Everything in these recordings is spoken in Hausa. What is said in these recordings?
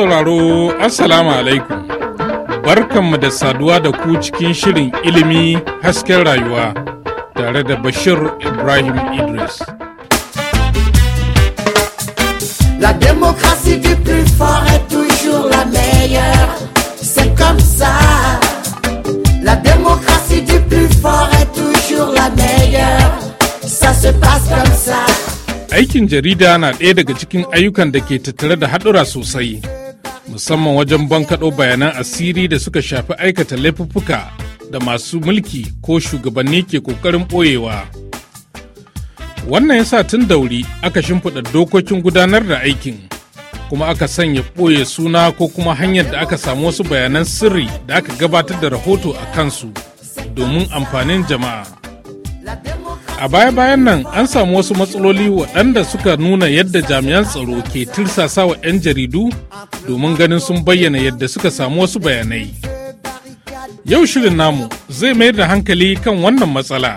sauraro Assalamu alaikum. Barkanmu da saduwa da ku cikin shirin ilimi hasken rayuwa tare da Bashir Ibrahim Idris. La démocratie du plus fort est toujours la meilleure, c'est comme ça. La démocratie du plus fort est toujours la meilleure, ça se passe comme ça. Aikin jarida na ɗaya daga cikin ayyukan da ke tattare da haɗura sosai. musamman wajen bankaɗo bayanan asiri da suka shafi aikata laifuffuka da masu mulki ko shugabanni ke ƙoƙarin ɓoyewa. Wannan ya sa tun dauri aka shimfiɗa dokokin gudanar da aikin, kuma aka sanya ɓoye suna ko kuma hanyar da aka samu wasu bayanan sirri da aka gabatar da rahoto a kansu domin amfanin jama'a. a baya-bayan nan an samu wasu matsaloli waɗanda suka nuna yadda jami'an tsaro ke tirsasa wa 'yan jaridu domin ganin sun bayyana yadda suka samu wasu bayanai. Yau shirin namu zai mayar da hankali kan wannan matsala,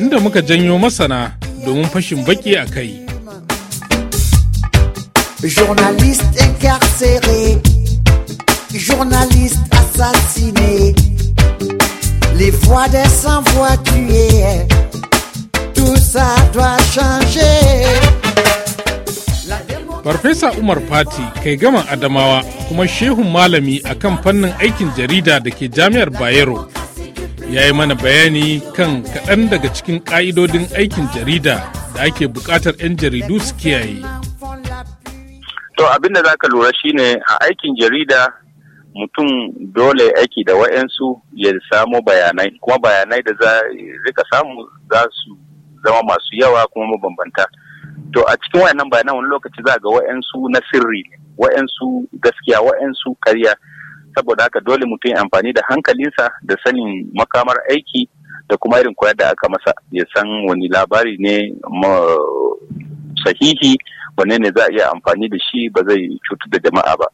inda muka janyo masana domin fashin baki a kai. les voix des sans-voix tuées. Farfesa Umar Fati kai gama Adamawa kuma shehun malami a kan fannin aikin jarida da ke jami'ar Bayero ya yi mana bayani kan kaɗan daga cikin ƙa'idodin aikin jarida da ake buƙatar 'yan jaridu su kiyaye. To abinda za ka lura shine a aikin jarida mutum dole aiki da wa'yansu ya samo bayanai kuma bayanai da za rika samu za su zama masu yawa kuma mabambanta to a cikin wayannan bayanan wani lokaci za ga wayansu na sirri wayansu gaskiya wayansu karya saboda haka dole mutum ya amfani da hankalinsa da sanin makamar aiki da kuma irin koyar da aka masa ya san wani labari ne sahihi wanne ne za a iya amfani da shi ba zai cutar da jama'a ba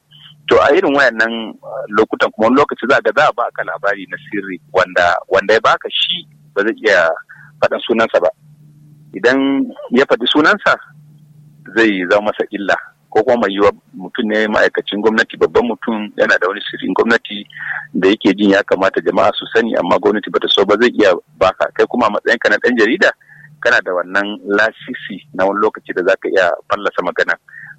to a irin wayannan uh, lokutan kuma lokaci za ga za a baka labari na sirri wanda wanda ya baka shi ba zai iya faɗan sunansa ba idan ya faɗi sunansa zai zama masa illa ko kuma mai yiwa mutum ne ma'aikacin gwamnati babban mutum yana da wani sirrin gwamnati da yake jin ya kamata jama'a su sani amma gwamnati bata so ba zai iya baka kai kuma matsayinka na ɗan jarida kana da wannan lasisi na wani lokaci da zaka iya fallasa magana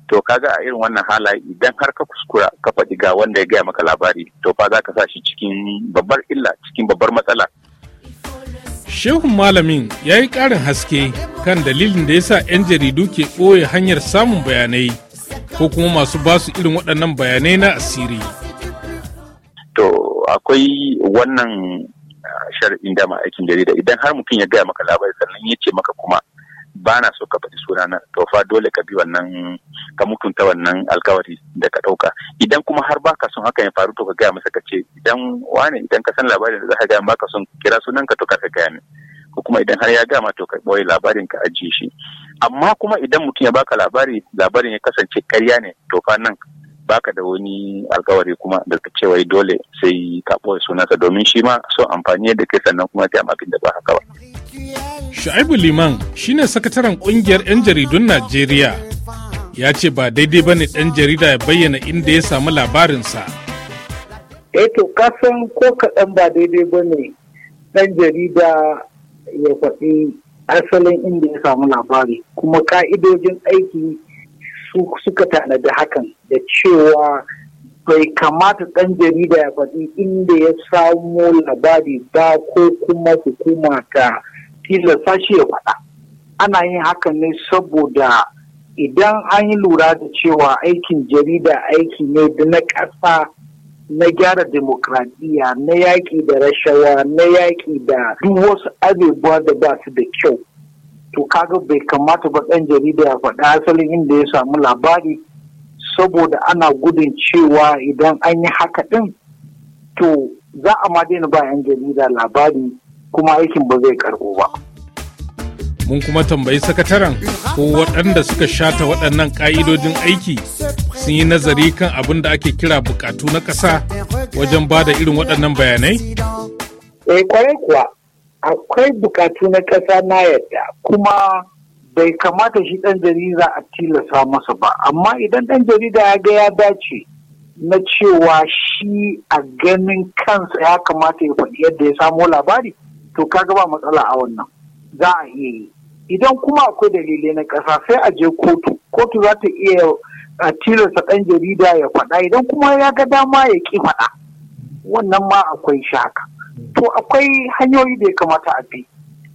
to kaga a irin wannan halaye idan har ka kuskura ka faɗi ga wanda ya gaya maka labari to fa za ka sa shi cikin babbar illa cikin babbar matsala shehun malamin ya yi ƙarin haske kan dalilin da yasa 'yan jaridu ke ɓoye hanyar samun bayanai ko kuma masu basu irin waɗannan bayanai na asiri. To akwai wannan shar'in dama aikin jarida idan har mutum ya gaya maka labari sannan ya ce maka kuma ba na so ka faɗi suna na to fa dole ka bi wannan ka mutunta wannan alkawari da ka ɗauka idan kuma har baka son haka ya faru to ka gaya masa ka ce idan wane idan ka san labarin da za ka gaya baka son kira sunan ka to ka gaya min ko kuma idan har ya gama to ka ɓoye labarin ka ajiye shi amma kuma idan mutum ya baka labari labarin ya kasance karya ne to fa nan baka da wani alkawari kuma da cewa dole sai ka ɓoye sunansa domin shi ma so amfani da kai sannan kuma ta amfani da ba haka ba. Shu'aibu Liman shine sakataren kungiyar 'yan jaridun Najeriya ya ce ba daidai ba ne ɗan jarida ya bayyana inda ya samu labarinsa. Eh to kasan ko kaɗan ba daidai ba ne ɗan jarida ya faɗi asalin inda ya samu labari kuma ka'idojin aiki suka tanadi hakan da cewa bai kamata ɗan jarida ya faɗi inda ya samu labari ba ko kuma hukuma ta tilasta shi ya faɗa ana yin hakan ne saboda idan an yi lura da cewa aikin jarida aiki ne da na ƙasa na gyara demokradiyya na yaƙi da rashawa na yaƙi da duk wasu abubuwa da ba su da kyau to kaga bai kamata ba ɗan jarida ya faɗa asalin inda ya samu labari saboda ana gudun cewa idan an yi haka ɗin to za a ma daina ba 'yan jarida labari kuma aikin ba zai karɓo ba. Mun kuma tambayi sakataren ko waɗanda suka shata waɗannan ƙa'idojin aiki sun yi nazari kan abin da ake kira bukatu na ƙasa wajen ba da irin waɗannan bayanai? Eh kwarai kuwa akwai bukatu na ƙasa na yadda kuma bai kamata shi ɗan jarida a tilasa masa ba amma idan ɗan jarida ya ga ya dace na cewa shi a ganin kansa ya kamata ya faɗi yadda ya samo labari to kaga ba matsala a wannan za a iya yi idan kuma akwai dalilai na ƙasa sai a je kotu kotu za ta iya a tilasta ɗan jarida ya faɗa idan kuma ya ga dama ya ki faɗa wannan ma akwai shaka to akwai hanyoyi da ya kamata a bi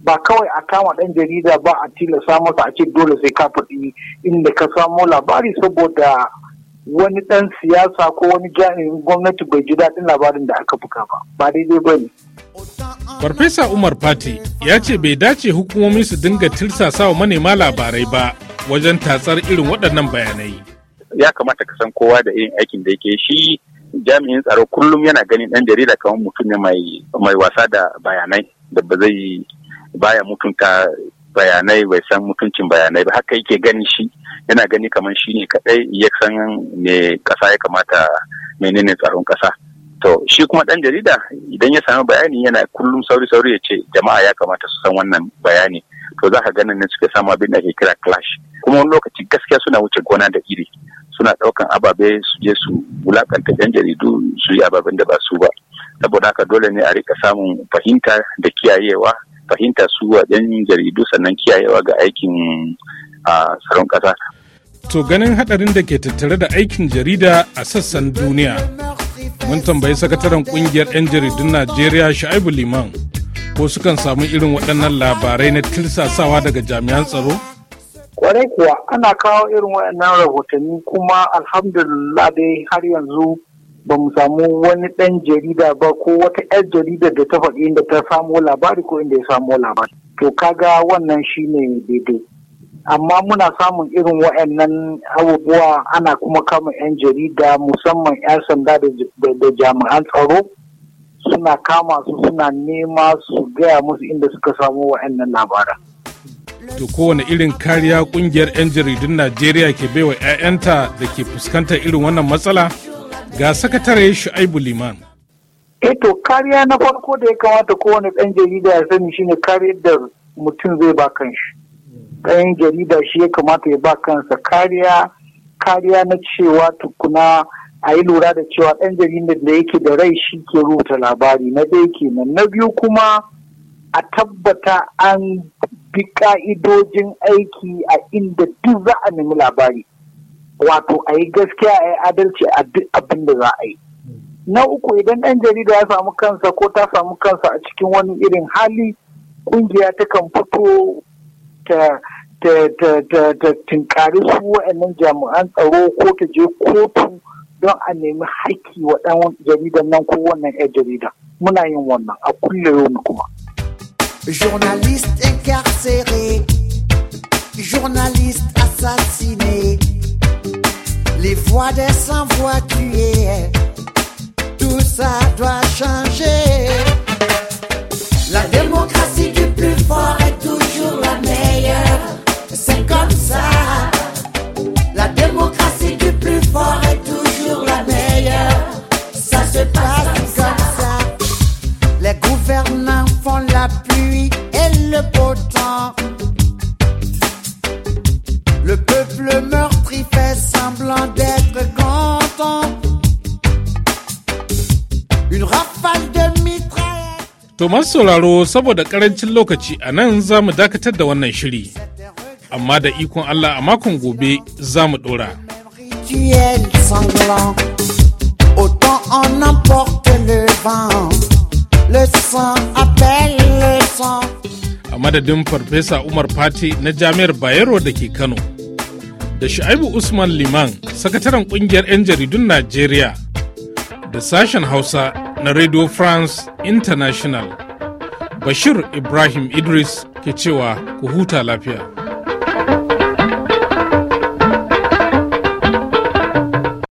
ba kawai a kama ɗan jarida ba a tilasta masa a ce dole sai ka faɗi inda ka samo labari saboda wani ɗan siyasa ko wani jami'in gwamnati bai ji daɗin labarin da aka buga ba ba daidai ba ne. Farfesa Umar Fati ya ce bai dace hukumomi su dinga tirsasawa manema labarai ba wajen tatsar irin waɗannan bayanai. ya kamata ka san kowa da irin aikin da yake shi jami'in tsaro kullum yana ganin ɗan jarida kamar mutum ne mai wasa da bayanai da ba zai baya mutunta bayanai bai san mutuncin bayanai ba haka yake gani shi yana gani kamar shi ne kadai ya san me kasa ya kamata menene tsaron kasa to shi kuma dan jarida idan ya sami bayani yana kullum sauri sauri ya ce jama'a ya kamata su san wannan bayani to za ka ganin ne suke samu abin da ke kira clash kuma wani lokaci gaskiya suna wuce gona da iri sai su je su wulakanta yan jaridu su yi ababen da ba su ba saboda haka dole ne a rika samun fahimta da kiyayewa fahimta su wa yan jaridu sannan kiyayewa ga aikin a tsaron ƙasa. to ganin hadarin da ke tattare da aikin jarida a sassan duniya mun tambayi sakataren kungiyar 'yan jaridun najeriya sha'ibu liman ko sukan samu irin waɗannan labarai na tirsasawa daga jami'an tsaro kwarai kuwa ana kawo irin waɗannan rahotanni kuma alhamdulillah dai har yanzu ba mu samu wani ɗan jarida ba ko wata 'yar jarida da ta faɗi inda ta samu labari ko inda ya samu labari to kaga wannan shine daidai amma muna samun irin waɗannan abubuwa ana kuma kama 'yan jarida musamman 'yan sanda da jami'an tsaro suna kama su suna nema su gaya musu inda suka samu waɗannan labaran to kowane irin kariya kungiyar 'yan jaridun najeriya ke baiwa 'ya'yanta da ke fuskantar irin wannan matsala ga sakatare shu'aibu liman e to kariya na farko da ya kamata kowane ɗan jarida ya sani shine kariyar da mutum zai ba kanshi ɗan jarida shi ya kamata ya ba kansa kariya kariya na cewa tukuna a yi lura da cewa ɗan jaridar da yake da rai shi ke rubuta labari na ɗaya kenan na biyu kuma a tabbata an bi ka'idojin aiki a inda duk za a nemi labari wato a yi gaskiya a yi adalci a duk abin da za a yi na uku idan ɗan jarida ya samu kansa ko ta samu kansa a cikin wani irin hali ƙungiya ta kan fito ta ta tinkari su wa'annan jami'an tsaro ko ta je kotu don a nemi haƙƙi wa ɗan jaridan nan ko wannan 'yan jarida muna yin wannan a kulle kuma. Journaliste incarcéré, journaliste assassiné, les voix des sans-voix tuées, tout ça doit la pluie et le beau temps. Le peuple meurtri fait semblant d'être content. Une rafale de mitraille. Thomas Solaro, saboda karancin lokaci a nan za mu dakatar da wannan shiri. Amma da ikon Allah a makon gobe za Autant en emporte le vent. A madadin Farfesa Umar Fati na Jami'ar Bayero da ke Kano. Da Shu'aibu Usman Liman, sakataren kungiyar 'yan jaridun Najeriya. Da sashen Hausa na Radio France International. Bashir Ibrahim Idris ke cewa ku huta lafiya.